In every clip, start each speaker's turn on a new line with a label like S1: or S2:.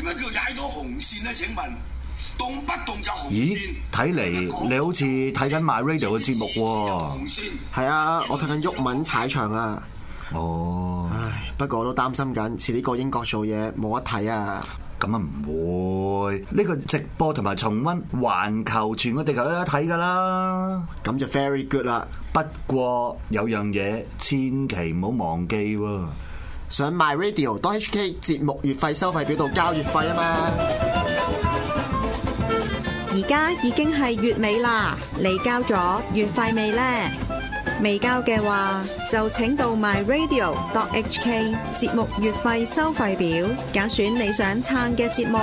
S1: 點解佢踩到紅線咧？請問動不動就紅線？咦，睇嚟你好似睇緊 My Radio 嘅節目喎。係啊，我睇緊毓民踩場啊。哦，唉，不過我都擔心緊，遲啲過英國做嘢冇得
S2: 睇啊。咁啊唔會，呢個直播同埋重溫，環球全
S1: 個地球都有得睇噶啦。咁就 very good 啦。不過有樣嘢，千祈唔好忘記喎。想 myradio.hk 節目月費收費表度交月費啊嘛，而家已經係月尾啦，你交咗月費未呢？未交嘅話就請到 myradio.hk 節目月費收費表揀選你想撐嘅節目，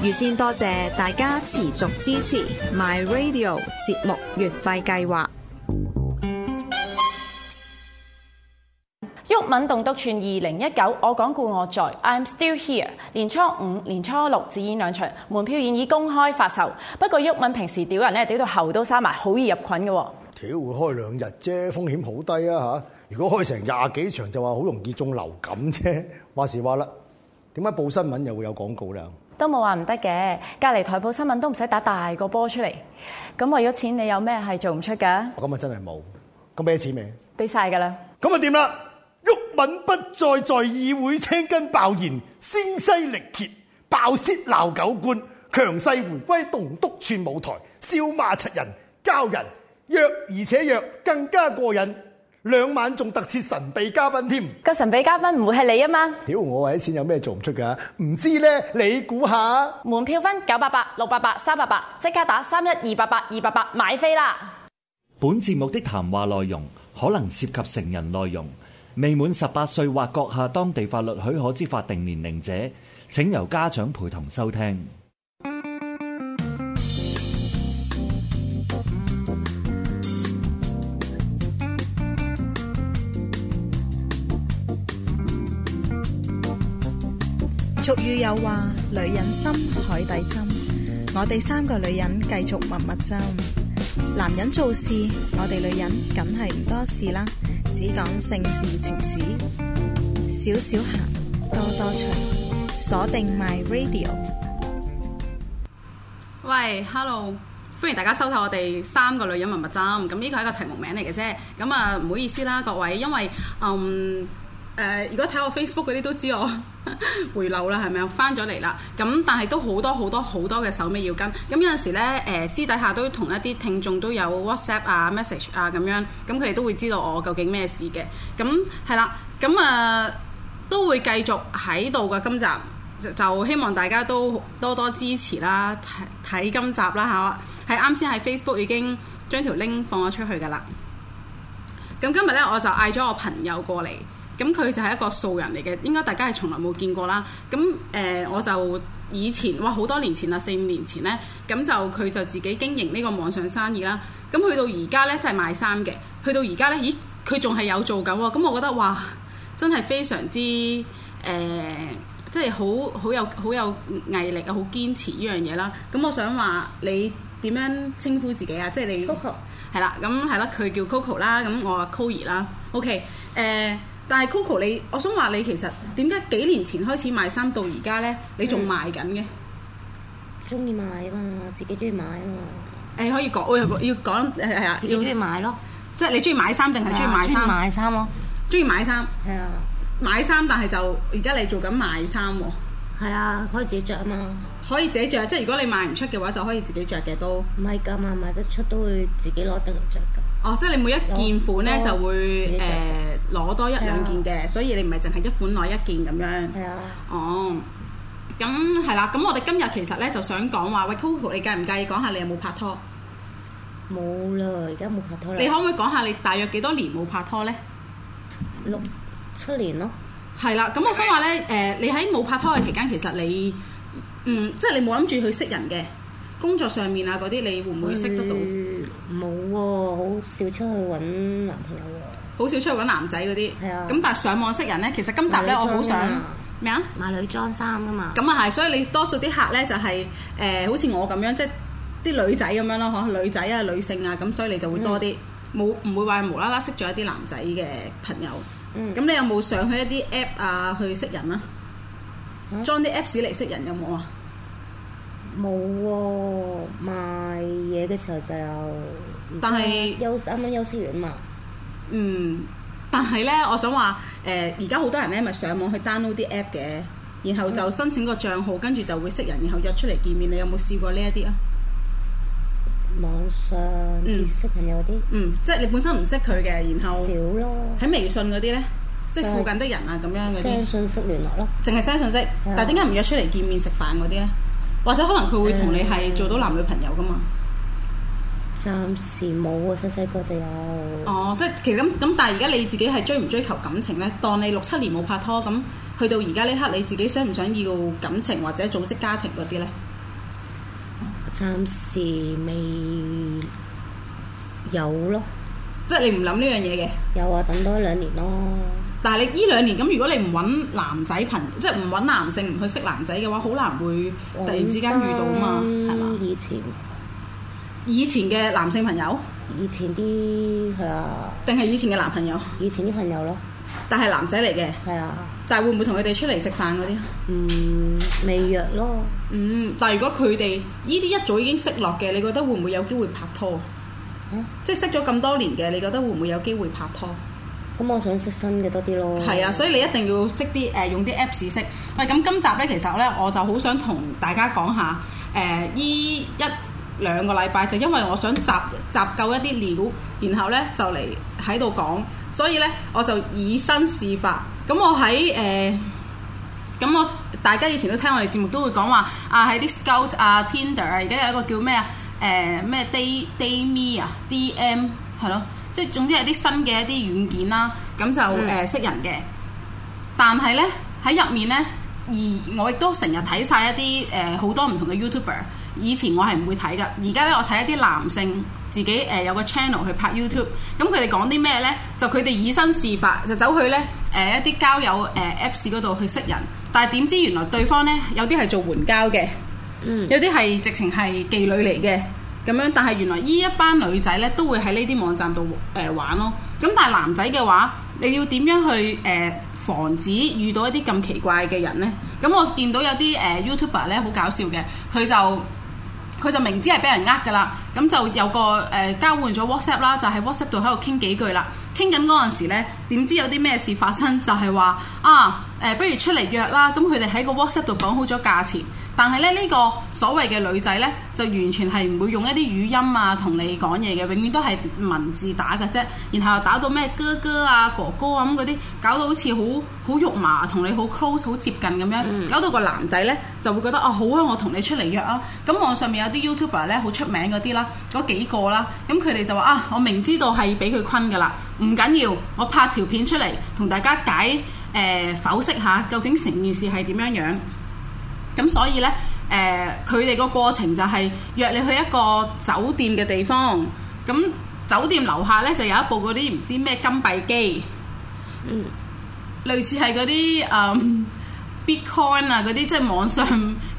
S1: 預先多謝大家持續支持
S2: MyRadio 節目月費計劃。
S1: 毓民洞篤串二零一九，2019，我講故我在，I'm still here。年初五、年初六只演兩場，門票現已公開發售。不過毓民平時屌人咧，屌到喉都沙埋，好易入菌嘅。屌開兩日啫，風險好低啊吓！如果開成廿幾場，就話好容易中流感啫。話時話啦，點解報新聞又會有廣告咧？都冇話唔得嘅，隔籬台報新聞都唔使打大個波出嚟。咁為咗錢，你有咩係做唔出噶？咁啊真係冇。咁俾錢未？俾晒噶啦。咁啊掂啦。毓民不再在,在議會青筋爆現，聲嘶力竭，爆舌鬧狗官，強勢回歸，棟篤串舞台，笑罵七人，教人弱而且弱，更加過癮。兩晚仲特設神秘嘉賓添，個神秘嘉賓唔會係你啊嘛？屌，我為啲錢有咩做唔出㗎？唔知呢？你估下門票分九八八六八八三八八，即刻打三一二八八二八八買飛啦。
S2: 本節目的談話內容可能涉及成人內容。未滿十八歲或閣下當地法律許可之法定年齡者，請由家長陪同收聽。
S1: 俗語有話：女人心，海底針。我哋三個女人繼續密密針。男人做事，我哋女人梗係唔多事啦。只講性事情史，少少咸，多多趣，鎖定 My Radio。喂，hello，歡迎大家收睇我哋三個女人蜜蜜針，咁呢、這個係一個題目名嚟嘅啫。咁啊，唔好意思啦，各位，因為嗯。誒、呃，如果睇我 Facebook 嗰啲都知我 回流啦，係咪啊？翻咗嚟啦，咁但係都好多好多好多嘅手尾要跟，咁有陣時咧。誒、呃、私底下都同一啲聽眾都有 WhatsApp 啊、message 啊咁樣，咁佢哋都會知道我究竟咩事嘅。咁係啦，咁啊、呃、都會繼續喺度噶。今集就希望大家都多多支持啦，睇睇今集啦吓，係啱、啊、先喺 Facebook 已經將條 link 放咗出去噶啦。咁今日咧，我就嗌咗我朋友過嚟。咁佢就係一個素人嚟嘅，應該大家係從來冇見過啦。咁誒，我就以前哇，好多年前啦，四五年前呢，咁就佢就自己經營呢個網上生意啦。咁去到而家呢，真係賣衫嘅。去到而家呢，咦，佢仲係有做緊喎。咁我覺得哇，真係非常之誒，即係好好有好有毅力啊，好堅持呢樣嘢啦。咁我想話你點樣稱呼自己啊？即係你 Coco 係啦，咁係啦，佢叫 Coco 啦，咁我話 Coy 啦，OK 誒。但係 Coco 你，我想話你其實點解幾年前開始賣衫到而家咧，你仲賣緊嘅？
S2: 中意、嗯、買嘛，自己中
S1: 意買。誒可以講，要講誒係啊，自己中意買，啊欸、買咯，即係你中意買衫定係中意賣衫？中意買衫咯，中意買衫。係啊，買衫但係就而家你做緊賣衫喎。係啊，可以自己著啊嘛、啊啊。可以自己着，即係如果你賣唔出嘅話，就可以自己着嘅都。唔係㗎嘛，賣得出都會自己攞定嚟著。哦，即係你每一件款咧，就會誒攞多一兩件嘅，所以你唔係淨係一款攞一件咁樣。係啊，哦，咁係啦，咁我哋今日其實咧就想講話，喂，Coco，你介唔介意講下你有冇拍拖？冇啦，而家冇拍拖。你可唔可以講下你大約幾多年冇拍拖咧？六七年咯。係啦，咁我想話咧，誒，你喺冇拍拖嘅期間，其實你，嗯，即係你冇諗住去識人嘅。.工作上面啊嗰啲，你會唔會識得到？冇喎、嗯，好、哦、少出去揾男朋友喎。好少出去揾男仔嗰啲。係啊。咁但係上網識人呢，其實今集呢，我好想咩啊？買女裝衫、啊、㗎嘛。咁啊係，所以你多數啲客呢、就係呃，就係誒，好似我咁樣，即係啲女仔咁樣咯，嗬，女仔啊，女性啊，咁所以你就會多啲，冇唔、嗯、會話無啦啦識咗一啲男仔嘅朋友。嗯。咁你有冇上去一啲 app 啊去識人啊？嗯、裝啲 apps 嚟識人有冇啊？
S2: 冇喎、哦，賣嘢嘅
S1: 時候就但係休啱啱休息完嘛。嗯，但係咧，我想話誒，而家好多人咧，咪上網去 download 啲 app 嘅，然後就申請個帳號，嗯、跟住就會，會識人，然後約出嚟見面。你有冇試過呢一啲啊？網上嗯識朋友啲嗯、嗯，即係你本身唔識佢嘅，然後少咯喺微信嗰啲咧，即係附近的人啊，咁樣嘅，啲。send 信、就是、息聯絡咯，淨係 send 信息，但係點解唔約出嚟見面食飯嗰啲咧？或者可能佢會同你係做到男女朋友㗎嘛？暫時冇喎，細細個就有。哦，即係其實咁咁，但係而家你自己係追唔追求感情呢？當你六七年冇拍拖，咁去到而家呢刻，你自己想唔想要感情或者組織家庭嗰啲呢？
S2: 暫時未
S1: 有咯。即係你唔諗呢樣嘢嘅？有啊，等多兩年咯。但係你呢兩年咁，如果你唔揾男仔朋，即係唔揾男性，唔去識男仔嘅話，好難會突然之間遇到嘛，係嘛玩身 吧？以前，以前嘅男性朋友，以前啲係啊，定係以前嘅男朋友？以前啲朋友咯，但係男仔嚟嘅，係啊，但係會唔會同佢哋出嚟食飯嗰啲？嗯，未約咯。嗯，但係如果佢哋呢啲一早已經識落嘅，你覺得會唔會有機會拍拖？啊、即係識咗咁多年嘅，你覺得會唔會有機會拍拖？咁我想識新嘅多啲咯。係啊，所以你一定要識啲誒，用啲 Apps 識。喂，咁今集呢，其實呢，我就好想同大家講下誒，依、呃、一兩個禮拜就因為我想集集夠一啲料，然後呢，就嚟喺度講，所以呢，我就以身試法。咁我喺誒，咁、呃、我大家以前都聽我哋節目都會講話啊，喺啲 Scout 啊，Tinder 啊，而家有一個叫咩啊？誒咩 Day Day Me 啊，DM 係咯。DM，即係總之係啲新嘅一啲軟件啦，咁就誒識、嗯、人嘅。但係呢，喺入面呢，而我亦都成日睇晒一啲誒好多唔同嘅 YouTuber。以前我係唔會睇嘅，而家呢，我睇一啲男性自己誒、呃、有個 channel 去拍 YouTube、嗯。咁佢哋講啲咩呢？就佢哋以身試法，就走去呢誒、呃、一啲交友誒、呃、Apps 嗰度去識人。但係點知原來對方呢有啲係做援交嘅，有啲係直情係妓女嚟嘅。咁樣，但係原來一呢一班女仔咧都會喺呢啲網站度誒、呃、玩咯。咁但係男仔嘅話，你要點樣去誒、呃、防止遇到一啲咁奇怪嘅人呢？咁、嗯、我見到有啲誒、呃、YouTuber 咧好搞笑嘅，佢就佢就明知係俾人呃㗎啦，咁就有個誒、呃、交換咗 WhatsApp 啦，就喺 WhatsApp 度喺度傾幾句啦。傾緊嗰陣時咧，點知有啲咩事發生？就係、是、話啊誒、呃，不如出嚟約啦。咁佢哋喺個 WhatsApp 度講好咗價錢。但係咧，呢、呢個所謂嘅女仔呢，就完全係唔會用一啲語音啊，同你講嘢嘅，永遠都係文字打嘅啫。然後打到咩哥哥啊、哥哥啊咁嗰啲，搞到好似好好肉麻，同你好 close、好接近咁樣，嗯、搞到個男仔呢，就會覺得啊，好啊，我同你出嚟約啊。咁網上面有啲 YouTuber 呢，好出名嗰啲啦，嗰幾個啦，咁佢哋就話啊，我明知道係俾佢坤㗎啦，唔緊要，我拍條片出嚟同大家解誒、呃、剖析下，究竟成件事係點樣樣。咁所以咧，誒佢哋個過程就係約你去一個酒店嘅地方，咁酒店樓下咧就有一部嗰啲唔知咩金幣機，嗯，類似係嗰啲誒 Bitcoin 啊嗰啲，即係網上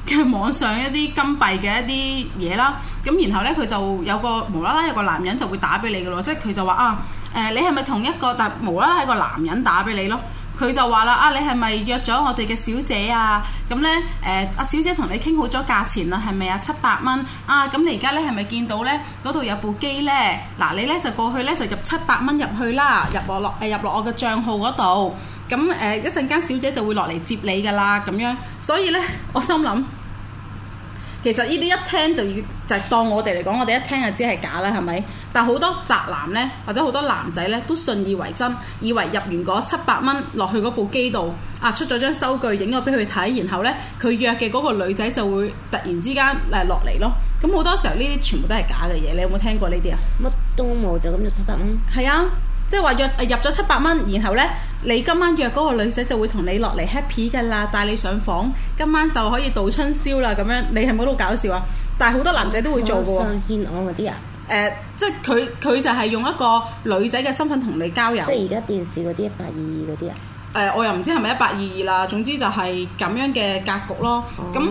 S1: 嘅網上一啲金幣嘅一啲嘢啦。咁然後咧佢就有個無啦啦有個男人就會打俾你嘅咯，即係佢就話啊，誒、呃、你係咪同一個，但係無啦啦一個男人打俾你咯？佢就話啦，啊，你係咪約咗我哋嘅小姐啊？咁、嗯、呢，誒、啊，阿小姐同你傾好咗價錢啦，係咪啊？七百蚊啊，咁、嗯、你而家呢，係咪見到呢嗰度有部機呢？嗱、啊，你呢就過去呢，就入七百蚊入去啦，入我落誒入落我嘅賬號嗰度。咁誒一陣間小姐就會落嚟接你㗎啦，咁樣。所以呢，我心諗其實呢啲一聽就就、當我哋嚟講，我哋一聽就知係假啦，係咪？但好多宅男呢，或者好多男仔呢，都信以為真，以為入完嗰七百蚊落去嗰部機度，啊，出咗張收據，影咗俾佢睇，然後呢，佢約嘅嗰個女仔就會突然之間誒落嚟咯。咁、嗯、好多時候呢啲全部都係假嘅嘢，你有冇聽過呢啲啊？乜都冇就咁入七百蚊。係啊，即係話約入咗七百蚊，然後呢，你今晚約嗰個女仔就會同你落嚟 happy 㗎啦，帶你上房，今晚就可以度春宵啦咁樣。你係咪好搞笑啊？但係好多男仔都會做㗎。誒、呃，即係佢佢就係用一個女仔嘅身份同你交友。即係而
S2: 家電視嗰啲一
S1: 百二二嗰啲啊？誒、呃，我又唔知係咪一百二二啦。總之就係咁樣嘅格局咯。咁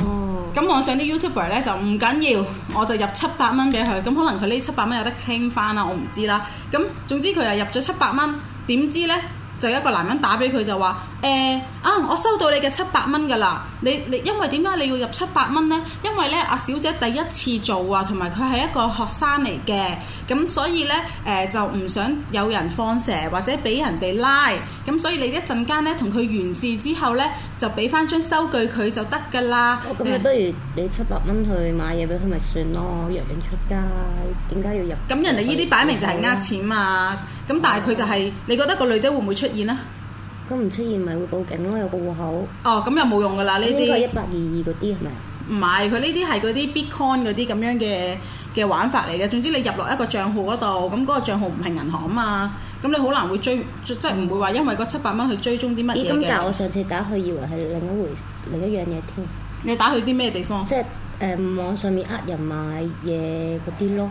S1: 咁網上啲 YouTuber 咧就唔緊要，我就入七百蚊俾佢。咁可能佢呢七百蚊有得傾翻啦，我唔知啦。咁總之佢又入咗七百蚊，點知咧就有一個男人打俾佢就話。誒、欸、啊！我收到你嘅七百蚊㗎啦。你你因為點解你要入七百蚊呢？因為咧，阿小姐第一次做啊，同埋佢係一個學生嚟嘅，咁所以呢，誒、呃、就唔想有人放蛇或者俾人哋拉。咁所以你一陣間呢，同佢完事之後呢，就俾翻張收據佢就得㗎啦。咁、哦、你不
S2: 如俾七百蚊去買嘢俾佢咪算咯，約人、哦、出街，點
S1: 解要入？咁人哋呢啲擺明就係呃錢嘛。咁、哎、呀但係佢就係、是，你覺得個女仔會唔會出現呢？
S2: 都唔出現咪會報警咯，有個戶口。
S1: 哦，咁又冇用噶
S2: 啦呢啲。呢一百二二嗰啲係咪？
S1: 唔係，佢呢啲係嗰啲 Bitcoin 嗰啲咁樣嘅嘅玩法嚟嘅。總之你入落一個賬號嗰度，咁、那、嗰個賬號唔係銀行吖嘛，咁你好難會追，即係唔會話因為嗰七百蚊去追蹤啲乜嘢嘅。咁但係。我上
S2: 次打去以為係另一回另一樣嘢添。你打去啲咩地方？即係誒、嗯、網上面呃人買嘢嗰啲咯。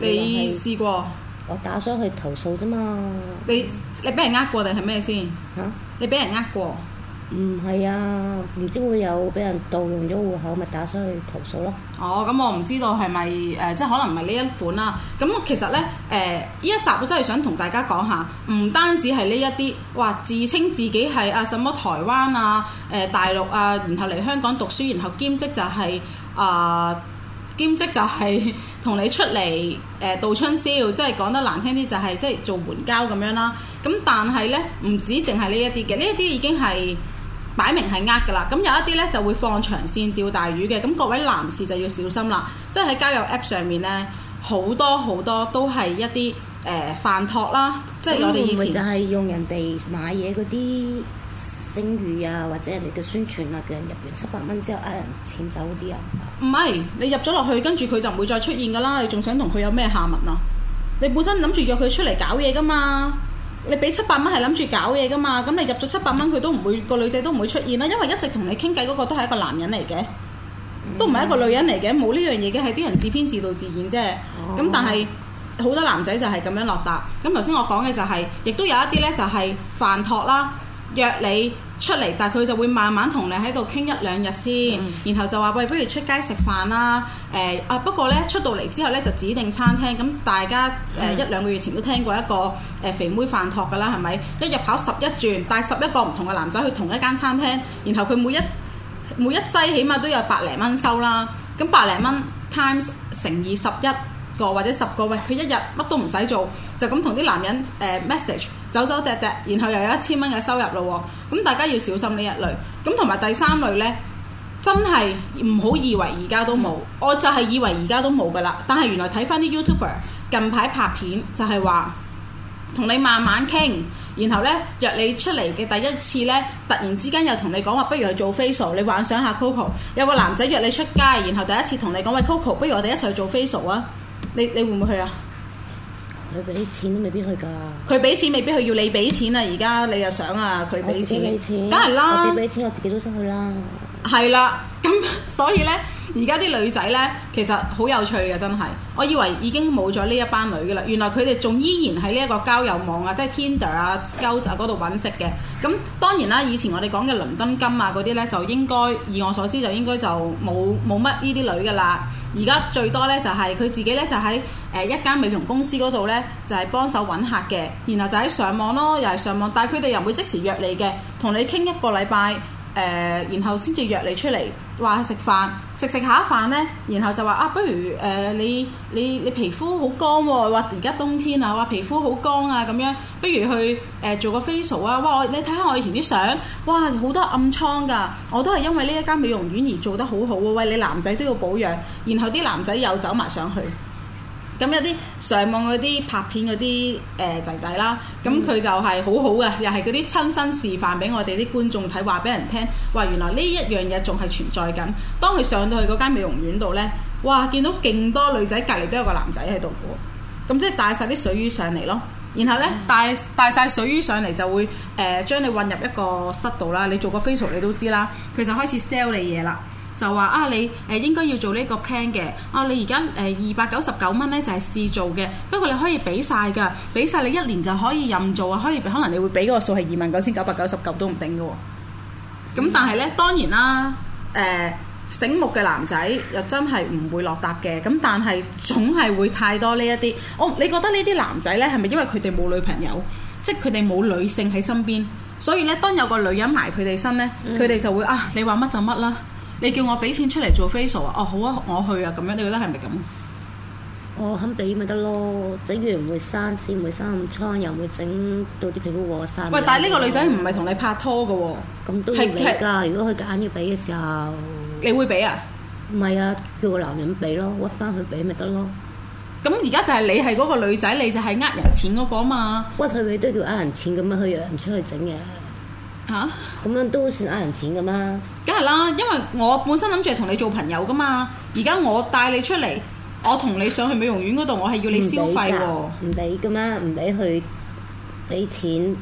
S1: 你試過？
S2: 我打上去投訴啫嘛。你
S1: 你俾人呃過定係咩先？嚇？你俾人呃過？唔係啊，唔、啊、
S2: 知會有俾人盜用咗戶口，咪打上去投訴咯。
S1: 哦，咁我唔知道係咪誒，即係可能唔係呢一款啦、啊。咁、嗯、我其實咧誒，呢、呃、一集我真係想同大家講下，唔單止係呢一啲，話、呃、自稱自己係啊什麼台灣啊、誒、呃、大陸啊，然後嚟香港讀書，然後兼職就係、是、啊。呃兼職就係、是、同你出嚟誒度春宵，即係講得難聽啲，就係、是、即係做援交咁樣啦。咁但係呢，唔止淨係呢一啲嘅，呢一啲已經係擺明係呃㗎啦。咁有一啲呢，就會放長線釣大魚嘅。咁各位男士就要小心啦。即係喺交友 app 上面呢，好多好多都係一啲誒、呃、飯托啦，即係我哋以前會會就係用
S2: 人哋買嘢嗰啲。聲譽啊，或者人哋嘅宣傳
S1: 啊，叫人入完七百蚊之後呃人錢走啲啊？唔係，你入咗落去，跟住佢就唔會再出現噶啦。你仲想同佢有咩下文啊？你本身諗住約佢出嚟搞嘢噶嘛？你俾七百蚊係諗住搞嘢噶嘛？咁你入咗七百蚊，佢都唔會，個女仔都唔會出現啦。因為一直同你傾偈嗰個都係一個男人嚟嘅，嗯、都唔係一個女人嚟嘅，冇呢樣嘢嘅，係啲人自編自導自演啫。咁但係好多男仔就係咁樣落答。咁頭先我講嘅就係、是，亦都有一啲咧就係飯托啦。約你出嚟，但係佢就會慢慢同你喺度傾一兩日先，嗯、然後就話喂，不如出街食飯啦。誒、呃、啊不過呢，出到嚟之後呢，就指定餐廳，咁大家誒、呃嗯、一兩個月前都聽過一個誒、呃、肥妹飯托㗎啦，係咪？一日跑十一轉，帶十一個唔同嘅男仔去同一間餐廳，然後佢每一每一劑起碼都有百零蚊收啦。咁百零蚊 times 乘以十一。個或者十個喂，佢一日乜都唔使做，就咁同啲男人誒、呃、message，走走趯趯，然後又有一千蚊嘅收入咯。咁、嗯、大家要小心呢一類。咁同埋第三類呢，真係唔好以為而家都冇，嗯、我就係以為而家都冇噶啦。但係原來睇翻啲 YouTuber 近排拍片就係話同你慢慢傾，然後呢約你出嚟嘅第一次呢，突然之間又同你講話，不如去做 facial，你幻想下 Coco 有個男仔約你出街，然後第一次同你講喂 Coco，不如我哋一齊去做 facial 啊！你你會唔會去啊？
S2: 佢俾錢都未必去㗎。
S1: 佢俾錢未必去，要你俾錢啊！而家你又想啊？佢俾錢，梗係啦。我自己俾
S2: 錢，錢，我自己都想去啦。
S1: 係啦，咁所以呢，而家啲女仔呢，其實好有趣嘅，真係。我以為已經冇咗呢一班女嘅啦，原來佢哋仲依然喺呢一個交友網啊，即係 Tinder 啊、Skout 啊嗰度揾食嘅。咁當然啦，以前我哋講嘅倫敦金啊嗰啲呢，就應該以我所知，就應該就冇冇乜呢啲女嘅啦。而家最多呢，就係、是、佢自己呢，就喺誒、呃、一間美容公司嗰度呢，就係、是、幫手揾客嘅，然後就喺上網咯，又係上網，但係佢哋又會即時約你嘅，同你傾一個禮拜。誒、呃，然後先至約你出嚟，話食飯，食食下飯呢。然後就話啊，不如誒、呃、你你你皮膚好乾喎，話而家冬天啊，話皮膚好乾啊咁樣，不如去誒、呃、做個 facial 啊，哇！你睇下我以前啲相，哇，好多暗瘡㗎，我都係因為呢一間美容院而做得好好喎。喂，你男仔都要保養，然後啲男仔又走埋上去。咁有啲上網嗰啲拍片嗰啲誒仔仔啦，咁佢就係好好嘅，嗯、又係嗰啲親身示範俾我哋啲觀眾睇，話俾人聽，話原來呢一樣嘢仲係存在緊。當佢上到去嗰間美容院度呢，哇！見到勁多女仔隔離都有個男仔喺度喎，咁即係帶晒啲水魚上嚟咯。然後呢，嗯、帶帶晒水魚上嚟就會誒、呃、將你混入一個室度啦。你做過 facial 你都知啦，佢就開始 sell 你嘢啦。就話啊，你誒、呃、應該要做呢個 plan 嘅，啊你而家誒二百九十九蚊咧就係試做嘅，不過你可以俾晒噶，俾晒你一年就可以任做啊，可以可能你會俾個數係二萬九千九百九十九都唔定嘅喎。
S2: 咁但係咧
S1: 當然啦，誒、呃、醒目嘅男仔又真係唔會落搭嘅，咁但係總係會太多呢一啲。我、哦、你覺得呢啲男仔咧係咪因為佢哋冇女朋友，即係佢哋冇女性喺身邊，所以咧當有個女人埋佢哋身咧，佢哋就會啊你話乜就乜啦。你叫我俾錢出嚟做 facial 啊？哦，好啊，我去啊，咁樣你覺得係咪咁？我、
S2: 哦、肯俾咪得咯，整完唔會生，先唔會生暗瘡，又唔會整到啲皮膚和散。喂，但係呢個女仔唔係同你
S1: 拍拖嘅喎、哦，咁都要你
S2: 㗎。如果佢硬要俾嘅時候，你會俾啊？唔係啊，叫個男人俾咯，屈翻佢俾咪得咯？
S1: 咁而家就係你係
S2: 嗰個女仔，你就係呃人錢嗰個吖嘛？屈佢俾都叫呃人錢，咁樣去
S1: 約人出去整嘅吓？咁、啊、樣都算呃人錢嘅嘛？係啦，因為我本身諗住係同你做朋友噶嘛，而家我帶你出嚟，我同你上去美容院嗰度，我係要你消費喎，唔
S2: 俾噶嘛，唔俾去俾錢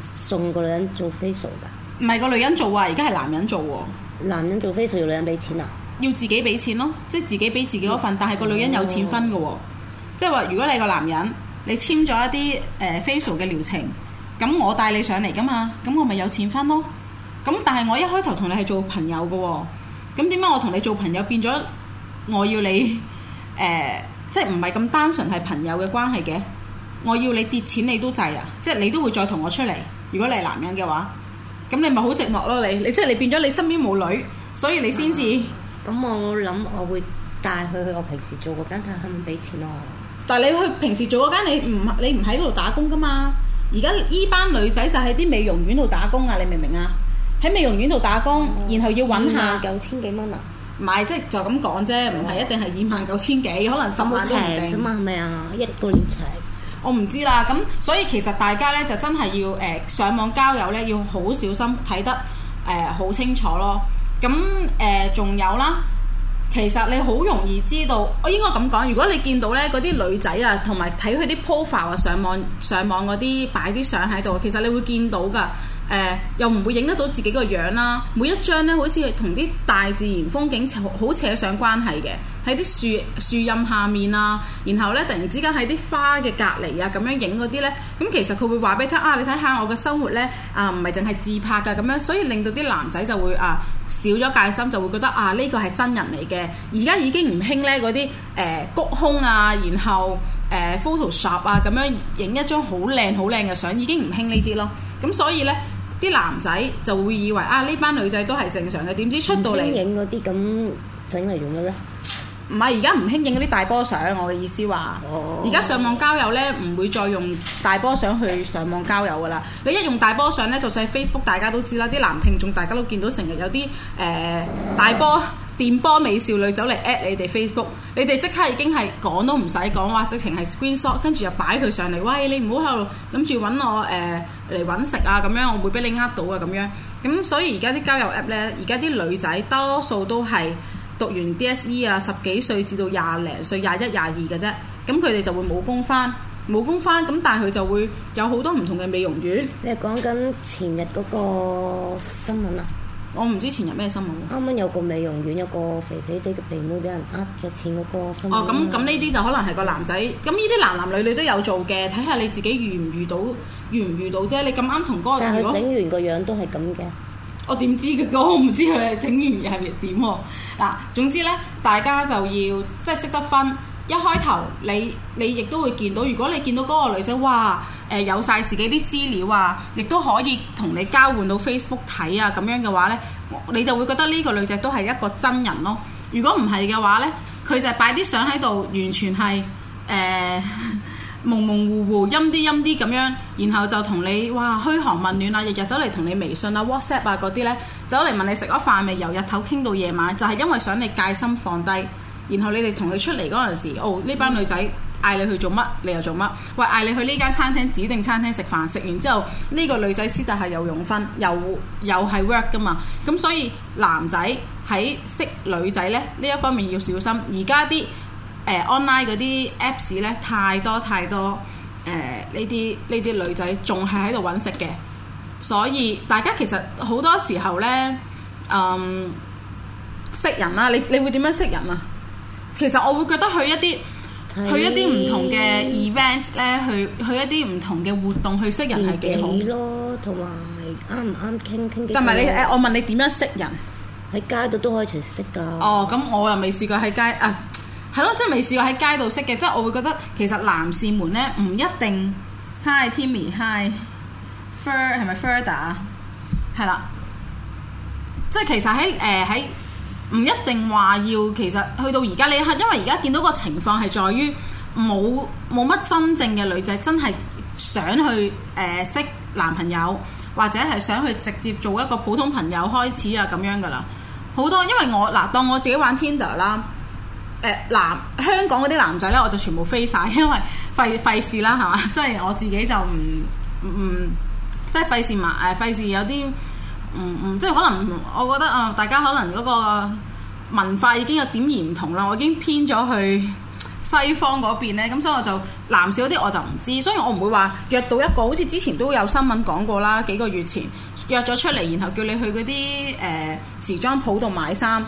S2: 送個女人做 facial 噶，唔係個女人做啊，而家係男人做喎，男人做 facial 要女人俾錢啊，
S1: 要自己俾錢咯，即係自己俾自己嗰份，嗯、但係個女人有錢分噶，嗯、即係話如果你個男人你簽咗一啲誒 facial 嘅療程，咁我帶你上嚟噶嘛，咁我咪有錢分咯。咁但係我一開頭同你係做朋友嘅、哦，咁點解我同你做朋友變咗我要你誒、呃，即係唔係咁單純係朋友嘅關係嘅？我要你跌錢你都制啊，即係你都會再同我出嚟。如果你係男人嘅話，咁你咪好寂寞咯。你你即係你變咗你身邊冇女，所以你先至咁。啊、我諗我會帶佢去我平時做嗰間睇下唔俾錢咯。但係你去平時做嗰間，你唔你唔喺嗰度打工噶嘛？而家呢班女仔就喺啲美容院度打工啊，你明唔明啊？喺美容院度打工，嗯、然後要揾下九千幾蚊啊！唔係，即係就咁講啫，唔係一定係二萬九千幾，可能十萬都唔定啫嘛，係咪啊？一定唔平。我唔知啦，咁所以其實大家呢，就真係要誒、呃、上網交友呢，要好小心睇得誒好、呃、清楚咯。咁誒仲有啦，其實你好容易知道，我應該咁講。如果你見到呢嗰啲女仔啊，同埋睇佢啲 profile 啊，上網上網嗰啲擺啲相喺度，其實你會見到㗎。誒、呃、又唔會影得到自己個樣啦、啊，每一張咧好似係同啲大自然風景好扯上關係嘅，喺啲樹樹蔭下面啊，然後咧突然之間喺啲花嘅隔離啊咁樣影嗰啲咧，咁其實佢會話俾你聽啊，你睇下我嘅生活咧啊，唔係淨係自拍㗎咁樣，所以令到啲男仔就會啊少咗戒心，就會覺得啊呢、呢個係真人嚟嘅。而家已經唔興咧嗰啲誒谷胸啊，然後誒、呃、Photoshop 啊咁樣影一張好靚好靚嘅相，已經唔興呢啲咯。咁所以咧。啲男仔就會以為啊呢班女仔都係正常嘅，點知出到嚟唔興影嗰啲咁整嚟做咩咧？唔係而家唔興影嗰啲大波相，我嘅意思話，哦、而家上網交友咧唔會再用大波相去上網交友噶啦。 你一用大波相咧，就算 Facebook 大家都知啦，啲男聽眾大家都見到成日有啲誒、呃、 大波電波美少女 s，走嚟 at 你哋 Facebook，你哋即刻已經係講都唔使講，話直情係 screen shot，跟住又擺佢上嚟，喂，你唔好喺度諗住揾我誒。嚟揾食啊！咁樣我會俾你呃到啊！咁樣咁所以而家啲交友 app 呢，而家啲女仔多數都係讀完 DSE 啊，十幾歲至到廿零歲、廿一、廿二嘅啫。咁佢哋就會冇工返，冇工返咁，但係佢就會有好多唔同嘅美容院。你講緊前日嗰個新聞啊？我唔知前日咩新聞。啱
S2: 啱有個美容院有個肥肥哋嘅肥妹俾人呃咗錢嗰個新聞。哦，咁咁呢
S1: 啲就可能係個男仔，咁呢啲男男女女都有做嘅，睇下你自己遇唔遇到，遇唔遇到啫。你咁啱同嗰個女。但係整
S2: 完個樣都係咁嘅。
S1: 我點知嘅？我唔知佢整完係點喎。嗱，總之呢，大家就要即係識得分。一開頭你你亦都會見到，如果你見到嗰個女仔話。嘩誒、呃、有晒自己啲資料啊，亦都可以同你交換到 Facebook 睇啊，咁樣嘅話呢，你就會覺得呢個女仔都係一個真人咯。如果唔係嘅話呢，佢就係擺啲相喺度，完全係誒矇矇糊糊、陰啲陰啲咁樣，然後就同你哇虛寒問暖啊，日日走嚟同你微信啊、WhatsApp 啊嗰啲呢。走嚟問你食咗飯未，由日頭傾到夜晚，就係、是、因為想你戒心放低，然後你哋同佢出嚟嗰陣時，哦呢班女仔。嗌你去做乜，你又做乜？喂，嗌你去呢間餐廳指定餐廳食飯，食完之後呢、呢個女仔私底下又用分，又又係 work 噶嘛？咁所以男仔喺識女仔咧呢一方面要小心。而家啲誒 online 嗰啲 apps 咧太多太多，誒呢啲呢啲女仔仲係喺度揾食嘅，所以大家其實好多時候咧，嗯，識人啦、啊，你你會點樣識人啊？其實我會覺得去一啲。去一啲唔同嘅 event 咧，去去一啲唔同嘅活動去識人係幾好咯，同埋啱唔啱傾傾。同埋你誒，我問你點樣識人？喺街度都可以隨時識噶。哦，咁我又未試過喺街啊，係咯，即係未試過喺街度識嘅，即係我會覺得其實男士們咧唔一定。Hi Timmy，Hi Fur 係咪 Further 啊？係啦，即係其實喺誒喺。呃唔一定話要，其實去到而家你係因為而家見到個情況係在於冇冇乜真正嘅女仔真係想去誒、呃、識男朋友，或者係想去直接做一個普通朋友開始啊咁樣噶啦。好多因為我嗱當我自己玩 Tinder 啦，誒、呃、男香港嗰啲男仔咧我就全部飛晒，因為費費事啦係嘛，即係我自己就唔唔即係費事埋誒費事有啲。嗯嗯，即係可能，我覺得啊，大家可能嗰個文化已經有點而唔同啦。我已經偏咗去西方嗰邊呢，咁所以我就男少啲，我就唔知。所以我唔會話約到一個，好似之前都有新聞講過啦。幾個月前約咗出嚟，然後叫你去嗰啲誒時裝鋪度買衫，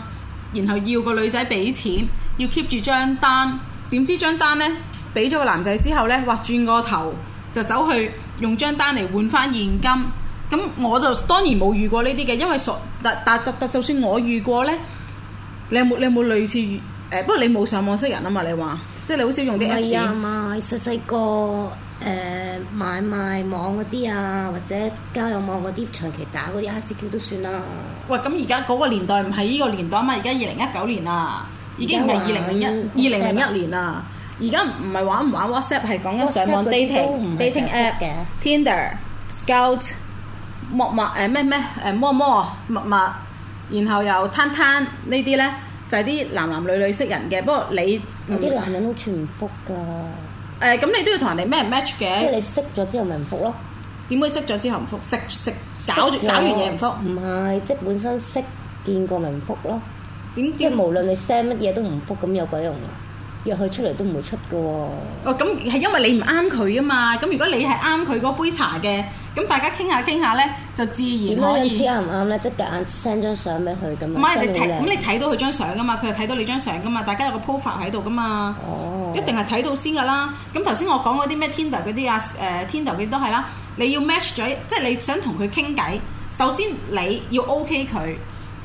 S1: 然後要個女仔俾錢，要 keep 住張單。點知張單呢，俾咗個男仔之後呢，話轉個頭就走去用張單嚟換翻現金。咁我就當然冇遇過呢啲嘅，因為所但但，但，但就算我遇過呢，你有冇你有冇類似誒、欸？不過你冇上網識人啊嘛？你話即係你好少用啲 Apps。啊、哎，
S2: 咪細細個誒買賣網嗰啲啊，或
S1: 者交友網嗰啲長期打嗰啲 ICQ 都算啦。喂，咁而家嗰個年代唔係呢個年代啊嘛？而家二零一九年啦，已經唔係二零零一二零零一年啦。而家唔係玩唔玩 WhatsApp 係講緊上網 dating dating app 嘅 Tinder Scout。摸摸誒咩咩誒摸摸，摸摸，然後又攤攤呢啲咧，就係啲男男女女識人嘅。不過你有啲男人
S2: 都全唔覆噶。
S1: 誒，咁你都要同人哋咩 match 嘅？即係你識咗之後咪唔覆咯？點會識咗之後唔覆？識識搞住搞完嘢唔覆？
S2: 唔係，即係本身識見過咪唔覆
S1: 咯。點知？即係無論你 send 乜嘢都唔覆，咁有鬼用啊！約佢出嚟都唔會出㗎。哦，咁係因為你唔啱佢啊嘛。咁如果你係啱佢嗰杯茶嘅。咁大家傾下傾下咧，就自然可以點知啱唔
S2: 啱咧？即係眼 send 張相俾佢咁樣！唔係你睇，咁你
S1: 睇到佢張相噶嘛？佢又睇到你張相噶嘛？大家有個 profile 喺度噶嘛？哦，oh. 一定係睇到先噶啦。咁頭先我講嗰啲咩 Tinder 嗰啲啊，誒、uh, Tinder 嗰啲都係啦。你要 match 咗，即係你想同佢傾偈，首先你要 OK 佢，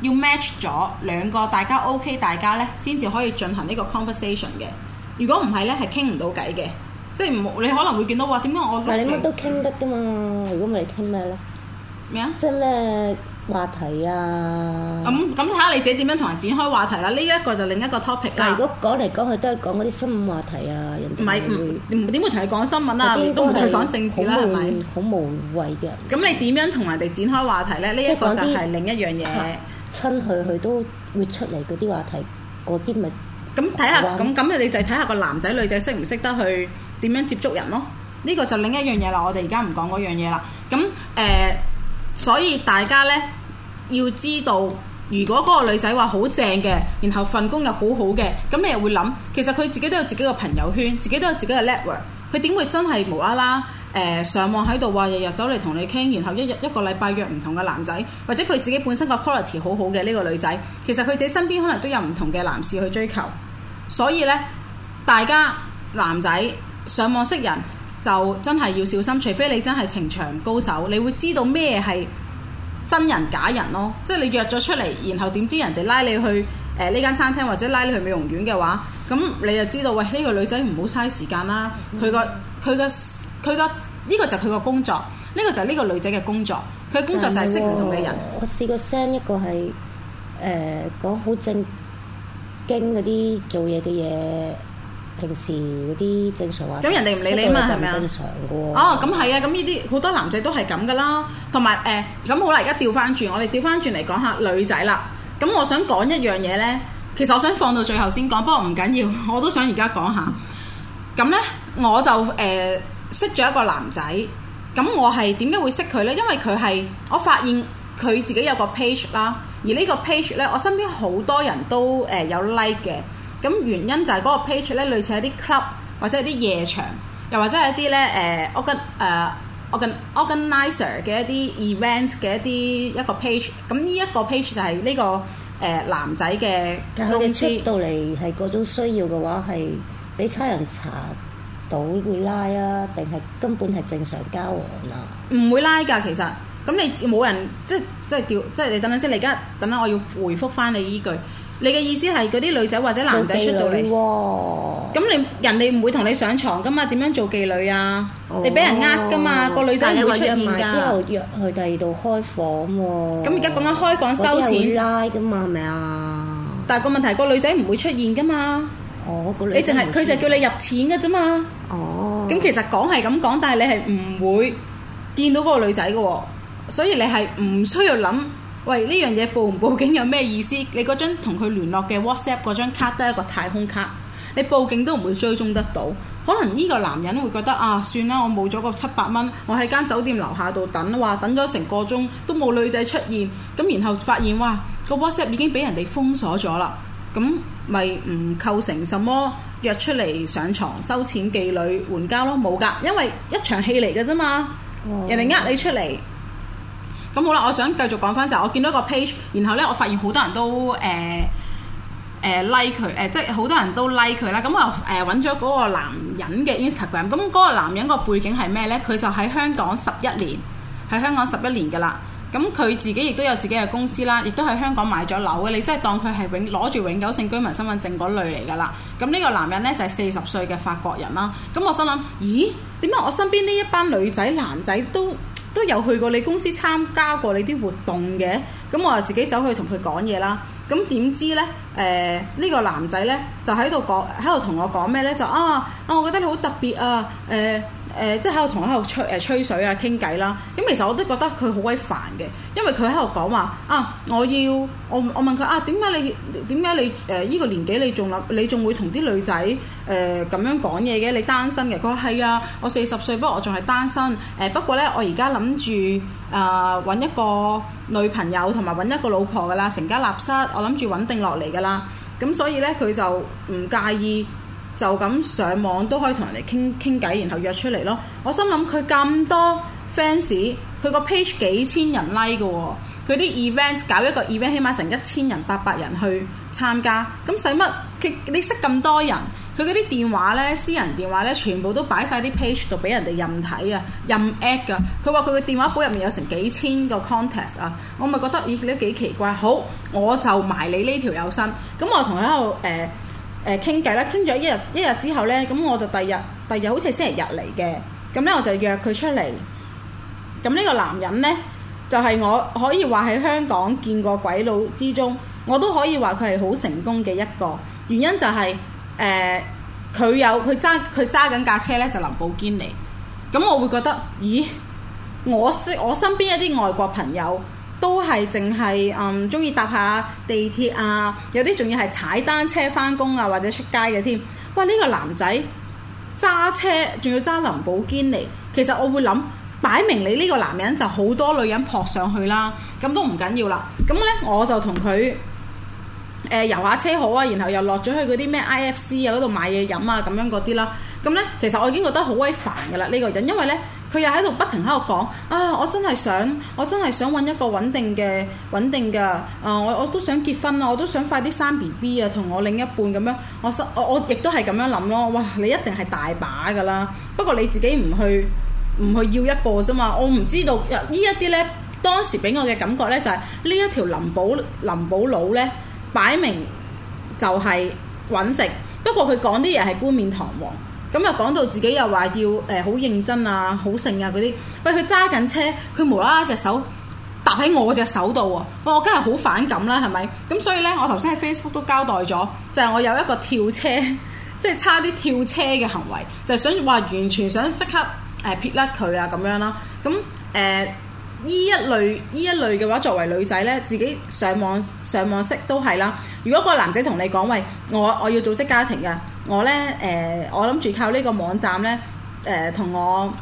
S1: 要 match 咗兩個，大家 OK 大家咧，先至可以進行呢個 conversation 嘅。如果唔係咧，係傾唔到偈嘅。即係唔，你可能會見到話點解我，
S2: 但係你乜都傾得㗎嘛？如果唔係傾
S1: 咩咧？咩啊？即係咩話題啊？咁咁睇下你自己點樣同人展開話題啦。呢一個就另一個 topic 啦。如果
S2: 講嚟講去都係講嗰啲新聞話題啊，人哋
S1: 唔唔點會同你講新聞啊？都係講政治啦，係
S2: 咪？好無謂嘅。
S1: 咁你點樣同人哋展開話題咧？呢一個就係另一樣嘢。親佢佢都會出嚟嗰啲話題，嗰啲咪咁睇下。咁咁你就睇下個男仔女仔識唔識得去點樣接觸人咯？呢、這個就另一樣嘢啦。我哋而家唔講嗰樣嘢啦。咁誒、呃，所以大家呢要知道，如果嗰個女仔話好正嘅，然後份工又好好嘅，咁你又會諗，其實佢自己都有自己嘅朋友圈，自己都有自己嘅 network。佢點會真係無啦啦誒上網喺度話日日走嚟同你傾，然後一日一個禮拜約唔同嘅男仔，或者佢自己本身個 quality 好好嘅呢個女仔，其實佢自己身邊可能都有唔同嘅男士去追求。所以呢，大家男仔。上網識人就真係要小心，除非你真係情場高手，你會知道咩係真人假人咯。即係你約咗出嚟，然後點知人哋拉你去誒呢、呃、間餐廳，或者拉你去美容院嘅話，咁你就知道喂呢、呢個女仔唔好嘥時間啦。佢個佢個佢個呢個就係佢個工作，呢、呢個就係呢個女仔嘅工作。佢嘅工作就係識唔同嘅人。哦、我
S2: 試過 send 一個係誒講好正經嗰啲做嘢嘅嘢。平時嗰啲正常話，咁人哋唔理你啊嘛，係咪、哦、啊？哦，
S1: 咁係啊，咁呢啲好多男仔都係咁噶啦。同埋誒，咁、呃、好啦，而家調翻轉，我哋調翻轉嚟講下女仔啦。咁我想講一樣嘢咧，其實我想放到最後先講，不過唔緊要，我都想而家講下。咁咧，我就誒、呃、識咗一個男仔。咁我係點解會識佢咧？因為佢係我發現佢自己有個 page 啦，而呢個 page 咧，我身邊好多人都誒有 like 嘅。咁原因就係嗰個 page 咧，類似係啲 club 或者係啲夜場，又或者係一啲咧誒 organ 誒 organ organizer 嘅一啲 event 嘅一啲一個 page。咁呢一個 page 就係呢、這個誒、uh, 男仔嘅公司。出
S2: 到嚟係嗰種需要嘅話，係俾差人查到會拉啊？定係根本係正常交往啊？
S1: 唔會拉㗎，其實咁你冇人即即係調即係你等等先，你而家等等我要回覆翻你依句。你嘅意思係嗰啲女仔或者男仔出到嚟，咁你人哋唔會同你上牀㗎嘛？點樣做妓女啊？你俾人呃㗎嘛？個女仔唔會出現㗎。之後
S2: 約去第二度開房喎。咁而家講緊開房收錢拉㗎嘛？係咪啊？
S1: 但係個問題，個女仔唔會出現㗎嘛？哦，個
S2: 女你淨係佢就叫你入
S1: 錢㗎啫嘛。
S2: 哦，咁
S1: 其實講係咁講，但係你係唔會見到個女仔嘅，所以你係唔需要諗。喂，呢樣嘢報唔報警有咩意思？你嗰張同佢聯絡嘅 WhatsApp 嗰張卡都係一個太空卡，你報警都唔會追蹤得到。可能呢個男人會覺得啊，算啦，我冇咗個七百蚊，我喺間酒店樓下度等，話等咗成個鐘都冇女仔出現，咁然後發現哇，個 WhatsApp 已經俾人哋封鎖咗啦，咁咪唔構成什麼約出嚟上床收錢妓女換交咯，冇噶，因為一場戲嚟嘅啫嘛，嗯、
S2: 人哋呃你
S1: 出嚟。咁好啦，我想繼續講翻就係我見到個 page，然後呢，我發現好多人都誒誒 like 佢，即係好多人都 like 佢啦。咁我誒揾咗嗰個男人嘅 Instagram，咁嗰個男人個背景係咩呢？佢就喺香港十一年，喺香港十一年噶啦。咁佢自己亦都有自己嘅公司啦，亦都喺香港買咗樓嘅。你真係當佢係永攞住永久性居民身份證嗰類嚟噶啦。咁呢個男人呢，就係四十歲嘅法國人啦。咁我心諗，咦？點解我身邊呢一班女仔、男仔都？都有去過你公司參加過你啲活動嘅，咁我又自己走去同佢講嘢啦。咁點知呢？誒、呃、呢、呢個男仔呢，就喺度講，喺度同我講咩呢？就啊啊，我覺得你好特別啊！誒、呃。誒、呃、即係喺度同我喺度吹誒吹水啊，傾偈啦。咁其實我都覺得佢好鬼煩嘅，因為佢喺度講話啊，我要我我問佢啊，點解你點解你誒依、呃這個年紀你仲諗你仲會同啲女仔誒咁樣講嘢嘅？你單身嘅？佢話係啊，我四十歲，不過我仲係單身。誒、呃、不過咧，我而家諗住啊揾一個女朋友同埋揾一個老婆㗎啦，成家立室。我諗住穩定落嚟㗎啦。咁所以咧，佢就唔介意。就咁上網都可以同人哋傾傾偈，然後約出嚟咯。我心諗佢咁多 fans，佢個 page 幾千人 like 嘅喎、哦，佢啲 event 搞一個 event，起碼成一千人、八百人去參加。咁使乜？你識咁多人，佢嗰啲電話呢，私人電話呢，全部都擺晒啲 page 度俾人哋任睇啊、任 add 㗎。佢話佢嘅電話簿入面有成幾千個 contact 啊，我咪覺得咦？你都幾奇怪。好，我就埋你呢條有心。咁我同一個誒。呃誒傾偈啦，傾咗一日一日之後呢，咁我就第日第日好似係星期日嚟嘅，咁呢，我就約佢出嚟。咁呢個男人呢，就係、是、我可以話喺香港見過鬼佬之中，我都可以話佢係好成功嘅一個。原因就係、是、誒，佢、呃、有佢揸佢揸緊架車呢，就林寶堅尼。咁我會覺得，咦，我我身邊一啲外國朋友。都係淨係嗯中意搭下地鐵啊，有啲仲要係踩單車翻工啊，或者出街嘅添。哇！呢個男仔揸車仲要揸林寶堅尼，其實我會諗，擺明你呢個男人就好多女人撲上去啦，咁都唔緊要啦。咁呢，我就同佢誒遊下車好啊，然後又落咗去嗰啲咩 IFC 啊嗰度買嘢飲啊咁樣嗰啲啦。咁呢，其實我已經覺得好鬼煩噶啦呢個人，因為呢。佢又喺度不停喺度講啊！我真係想，我真係想揾一個穩定嘅、穩定嘅啊、呃！我我都想結婚啊，我都想快啲生 B B 啊，同我另一半咁樣。我我我亦都係咁樣諗咯。哇！你一定係大把噶啦。不過你自己唔去唔去要一個啫嘛。我唔知道。呢一啲呢，當時俾我嘅感覺呢、就是，就係呢一條林寶林寶佬呢，擺明就係揾食。不過佢講啲嘢係冠冕堂皇。咁又講到自己又話要誒好認真啊、好性啊嗰啲，喂佢揸緊車，佢無啦啦隻手搭喺我隻手度喎，喂我真係好反感啦，係咪？咁所以呢，我頭先喺 Facebook 都交代咗，就係我有一個跳車，即係差啲跳車嘅行為，就係想話完全想即刻誒撇甩佢啊咁樣啦。咁誒呢一類呢一類嘅話，作為女仔呢，自己上網上網識都係啦。如果個男仔同你講喂，我我要組織家庭嘅。我呢，誒、呃，我諗住靠呢個網站呢，誒、呃，同我，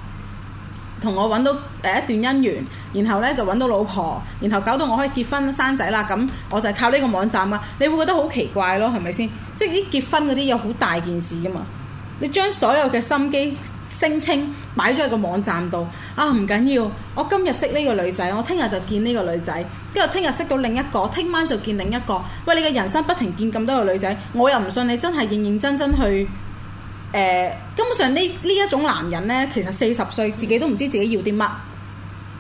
S1: 同我揾到誒、呃、一段姻緣，然後呢就揾到老婆，然後搞到我可以結婚生仔啦，咁我就係靠呢個網站啊！你會覺得好奇怪咯，係咪先？即係啲結婚嗰啲有好大件事噶嘛，你將所有嘅心機。聲稱買咗喺個網站度，啊唔緊要，我今日識呢個女仔，我聽日就見呢個女仔，跟住聽日識到另一個，聽晚就見另一個。喂，你嘅人生不停見咁多個女仔，我又唔信你真係認認真真去。誒、呃，根本上呢呢一種男人呢，其實四十歲自己都唔知自己要啲乜，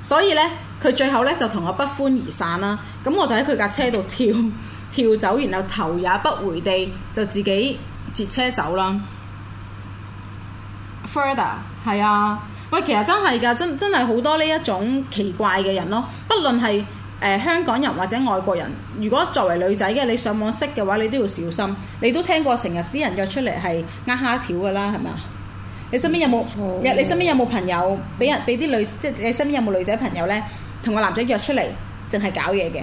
S1: 所以呢，佢最後呢就同我不歡而散啦。咁我就喺佢架車度跳跳走，然後頭也不回地就自己截車走啦。係啊，喂，其實真係㗎，真真係好多呢一種奇怪嘅人咯。不論係誒、呃、香港人或者外國人，如果作為女仔嘅你上網識嘅話，你都要小心。你都聽過成日啲人約出嚟係呃蝦條嘅啦，係咪啊？你身邊有冇？啊、你身邊有冇朋友俾人俾啲女，即係你身邊有冇女仔朋友咧，同個男仔約出嚟淨係搞嘢嘅？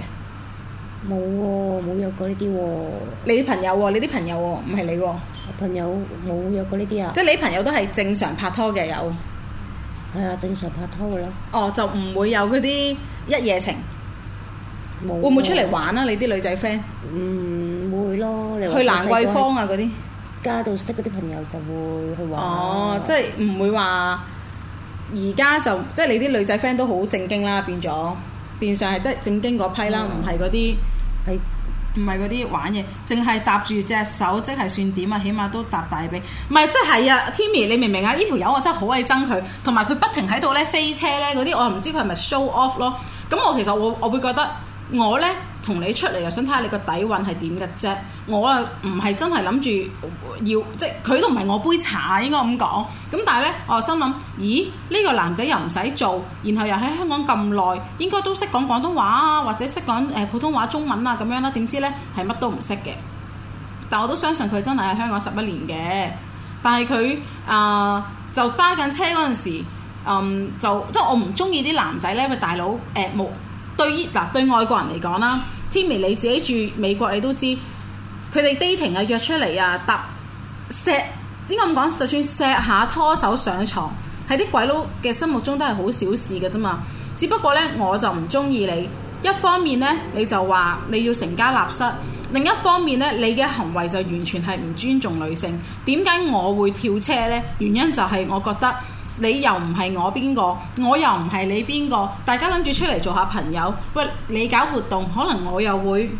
S2: 冇喎、啊，冇約過呢啲
S1: 喎。你啲朋友喎、啊，你啲朋友喎，唔係你喎。朋友冇約過呢啲啊，即係你朋友都係正常拍拖嘅有。係啊，正常拍拖嘅咯。哦，就唔會有嗰啲一夜情。
S2: 冇會。會唔會出嚟玩
S1: 啊？你啲女仔 friend？
S2: 唔會咯，你去蘭桂坊
S1: 啊嗰啲。加到識嗰啲朋友就會去玩啊。哦，即係唔會話。而家就即係你啲女仔 friend 都好正經啦，變咗變相係即係正經嗰批啦，唔係嗰啲。唔係嗰啲玩嘢，淨係搭住隻手，即係算點啊？起碼都搭大髀。唔係，即係啊！Timmy，你明唔明啊？呢條友我真係好鬼憎佢，同埋佢不停喺度咧飛車咧嗰啲，我唔知佢係咪 show off 咯。咁我其實我我會覺得。我呢，同你出嚟又想睇下你個底蘊係點嘅啫，我啊唔係真係諗住要，即係佢都唔係我杯茶啊，應該咁講。咁但係呢，我心諗，咦？呢個男仔又唔使做，然後又喺香港咁耐，應該都識講廣東話啊，或者識講誒普通話中文啊咁樣啦。點知呢？係乜都唔識嘅。但我都相信佢真係喺香港十一年嘅，但係佢啊就揸緊車嗰陣時，嗯就即係我唔中意啲男仔呢，咪大佬誒冇。呃對，嗱對外國人嚟講啦，Timmy 你自己住美國，你都知佢哋 dating 啊約出嚟啊搭錫，點解咁講？就算錫下拖手上床，喺啲鬼佬嘅心目中都係好小事㗎啫嘛。只不過呢，我就唔中意你。一方面呢，你就話你要成家立室；另一方面呢，你嘅行為就完全係唔尊重女性。點解我會跳車呢？原因就係我覺得。你又唔係我邊個，我又唔係你邊個，大家諗住出嚟做下朋友。喂，你搞活動，可能我又會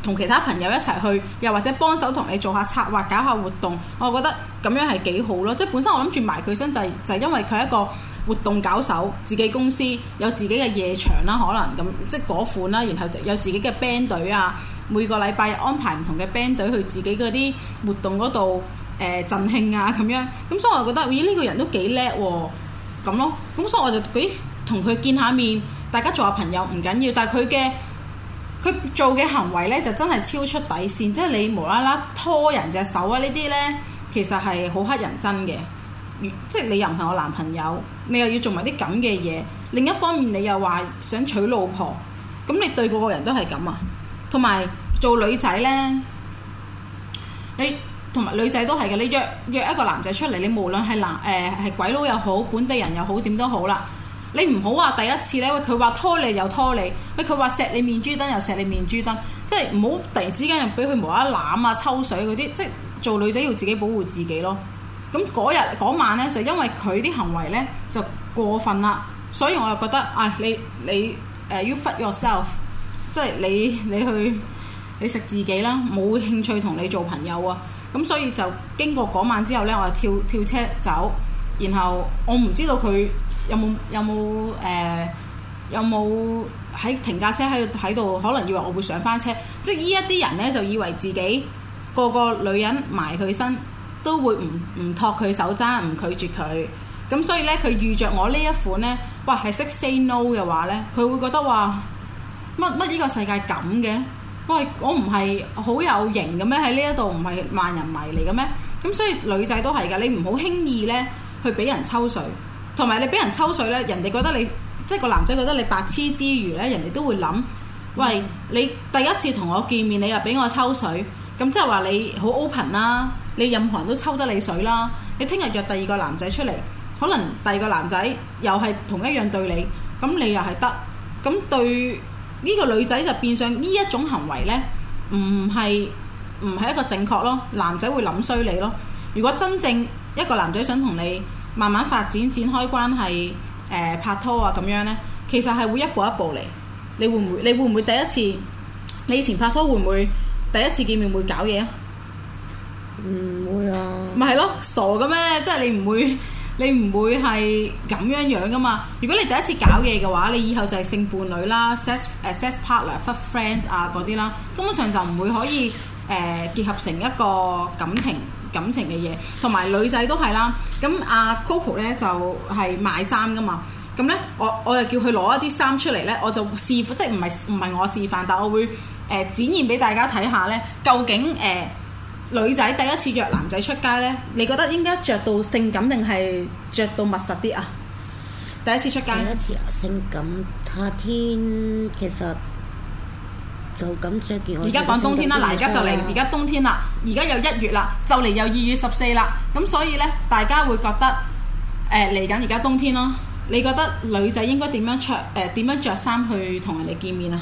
S1: 同其他朋友一齊去，又或者幫手同你做下策劃，搞下活動。我覺得咁樣係幾好咯。即係本身我諗住埋佢身就係、係、就係、係、因為佢一個活動搞手，自己公司有自己嘅夜場啦，可能咁即係嗰款啦，然後有自己嘅 band 隊啊，每個禮拜安排唔同嘅 band 隊去自己嗰啲活動嗰度。誒、呃，振興啊，咁樣，咁所以我覺得，咦，呢個人都幾叻喎，咁咯，咁所以我就幾同佢見下面，大家做下朋友唔緊要，但係佢嘅佢做嘅行為呢，就真係超出底線，即係你無啦啦拖人隻手啊，呢啲呢，其實係好乞人憎嘅，即係你又唔係我男朋友，你又要做埋啲咁嘅嘢，另一方面你又話想娶老婆，咁你對個個人都係咁啊，同埋做女仔呢。你。同埋女仔都係嘅，你約約一個男仔出嚟，你無論係男誒係鬼佬又好，本地人又好，點都好啦。你唔好話第一次咧，喂佢話拖你又拖你，喂佢話錫你面珠墩又錫你面珠墩，即係唔好突然之間又俾佢無一攬啊抽水嗰啲，即係做女仔要自己保護自己咯。咁嗰日嗰晚咧，就因為佢啲行為咧就過分啦，所以我又覺得，唉、哎、你你誒要 fuck yourself，即係你你去你食自己啦，冇興趣同你做朋友啊！咁所以就經過嗰晚之後呢，我就跳跳車走，然後我唔知道佢有冇有冇誒有冇喺、呃、停架車喺喺度，喺度，可能以為我會上翻車。即係呢一啲人呢，就以為自己個個女人埋佢身都會唔唔託佢手踭，唔拒絕佢。咁所以呢，佢遇着我呢一款呢，哇係識 say no 嘅話呢，佢會覺得話乜乜呢個世界咁嘅。喂，我唔係好有型嘅咩？喺呢一度唔係萬人迷嚟嘅咩？咁所以女仔都係㗎，你唔好輕易呢去俾人抽水，同埋你俾人抽水呢，人哋覺得你即係個男仔覺得你白痴之餘呢，人哋都會諗：喂，你第一次同我見面，你又俾我抽水，咁即係話你好 open 啦，你任何人都抽得你水啦。你聽日約第二個男仔出嚟，可能第二個男仔又係同一樣對你，咁你又係得咁對。呢個女仔就變相呢一種行為呢，唔係唔係一個正確咯。男仔會諗衰你咯。如果真正一個男仔想同你慢慢發展、展開關係、誒、呃、拍拖啊咁樣呢，其實係會一步一步嚟。你會唔會？你會唔會第一次？你以前拍拖會唔會第一次見面會搞嘢啊？唔會啊！咪係咯，傻嘅咩？即係你唔會。你唔會係咁樣樣噶嘛？如果你第一次搞嘢嘅話，你以後就係性伴侶啦、sex 誒 sex partner、friends 啊嗰啲啦，根本上就唔會可以誒結合成一個感情感情嘅嘢。同埋女仔都係啦。咁阿 Coco 咧就係賣衫噶嘛。咁咧我我就叫佢攞一啲衫出嚟咧，我就示即係唔係唔係我示範，但我會誒展現俾大家睇下咧，究竟誒。女仔第一次約男仔出街呢，你覺得應該着到性感定係着到密實啲啊？第一次出街。第一
S2: 次啊，性感。夏天其實就咁著件。而家講冬天啦，嗱，而家就嚟，而家
S1: 冬天啦，而家有一月啦，就嚟有二月十四啦，咁所以呢，大家會覺得嚟緊而家冬天咯。你覺得女仔應該點樣着？誒、呃、點樣着衫去同人哋見面啊？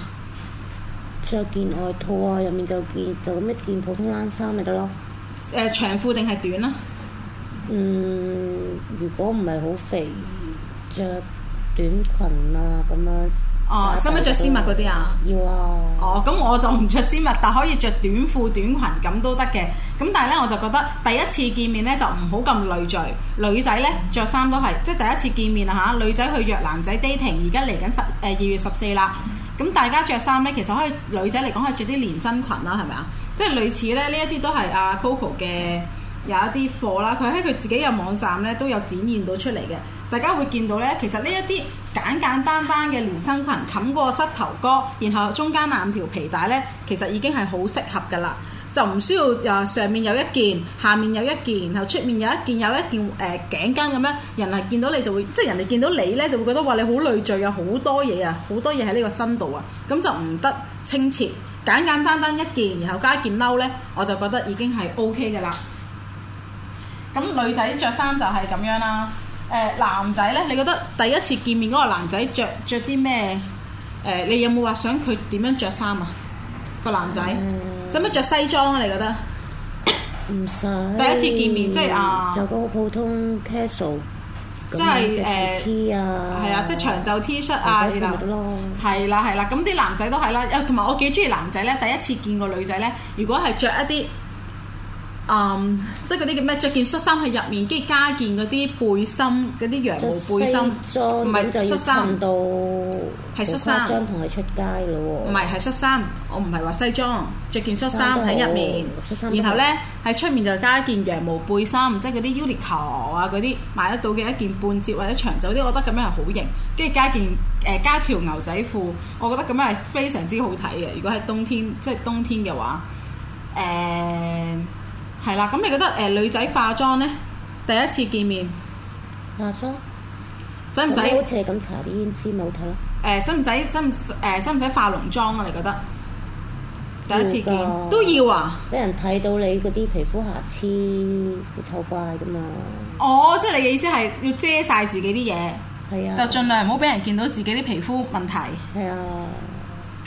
S2: 着件外套啊，入面就件就咁一件普通冷衫咪得咯。
S1: 誒，長褲定係短啦？嗯，
S2: 如果唔係好肥，着短裙啊咁樣。
S1: 哦，使唔使着絲襪嗰啲啊？要啊。哦，咁我就唔着絲襪，但可以着短褲、短裙咁都得嘅。咁但係咧，我就覺得第一次見面咧就唔好咁累贅。女仔咧着衫都係，即係第一次見面啊嚇！女仔去約男仔 dating，而家嚟緊十誒二月十四啦。咁大家着衫呢，其實可以女仔嚟講，可以着啲連身裙啦，係咪啊？即係類似咧，呢一啲都係阿 Coco 嘅有一啲貨啦。佢喺佢自己嘅網站呢，都有展現到出嚟嘅。大家會見到呢，其實呢一啲簡簡單單嘅連身裙，冚過膝頭哥，然後中間攬條皮帶呢，其實已經係好適合㗎啦。就唔需要誒上面有一件，下面有一件，然後出面有一件，有一件誒頸巾咁樣，人係見到你就會，即係人哋見到你咧就會覺得話你好累贅啊，好多嘢啊，好多嘢喺呢個身度啊，咁就唔得清澈，簡簡單單一件，然後加一件褸咧，我就覺得已經係 OK 嘅啦。咁女仔著衫就係咁樣啦。誒男仔咧，你覺得第一次見面嗰個男仔著著啲咩？誒你有冇話想佢點樣著衫啊？個男仔。使乜着西裝啊？你覺得？
S2: 唔使。第一次見面，即係啊。就嗰個普通 casual。
S1: 即係
S2: 誒。係啊，即係長
S1: 袖 T 恤啊。男仔係啦係啦，咁啲男仔都係啦，同埋我幾中意男仔咧。第一次見個女仔咧，如果係着一啲。嗯，um, 即係嗰啲叫咩？着件恤衫喺入面，跟住加件嗰啲背心，嗰啲羊毛背心，唔係恤衫到係恤衫。同佢出街嘅喎、哦，唔係，係恤衫。我唔係話西裝，着件恤衫喺入面，面然後咧喺出面就加一件羊毛背心，即係嗰啲 Uniqlo 啊嗰啲買得到嘅一件半截或者長袖啲，我覺得咁樣係好型。跟住加件誒加條牛仔褲，我覺得咁樣係非常之好睇嘅。如果係冬天，即係冬天嘅話，誒、嗯。係啦，咁你覺得誒、呃、女仔化妝呢？第一次見面，化妝使唔使？好似係咁搽啲胭脂冇睇咯。使唔使？使唔使唔使化濃妝啊？你覺得
S2: 第一次見要的都要啊！俾人睇到你嗰啲皮膚瑕疵好醜怪噶嘛？
S1: 哦，即係你嘅意思係要遮晒自己啲嘢，係啊的，就盡量唔好俾人見到自己啲皮膚問題，係啊的。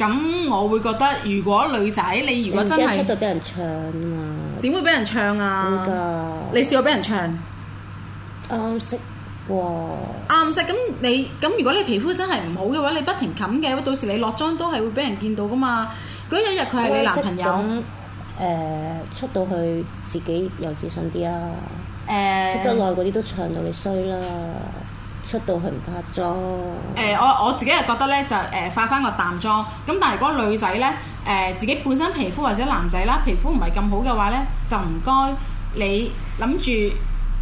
S1: 咁我會覺得，如果女仔你如果真係，出到
S2: 俾人唱啊？點
S1: 會俾人唱啊？何你試過俾人唱？啱識喎。啱識咁你咁，如果你皮膚真係唔好嘅話，你不停冚嘅，到時你落妝都係會俾人見到噶嘛。嗰一日佢係你男朋友。
S2: 誒、呃，出到去自己又自信啲啦、啊。誒、啊，
S1: 識得耐嗰
S2: 啲都唱到你衰啦。出到去唔化
S1: 妝。誒、欸，我我自己又覺得咧，就誒、呃、化翻個淡妝。咁但係如果女仔咧，誒、呃、自己本身皮膚或者男仔啦，皮膚唔係咁好嘅話咧，就唔該你諗住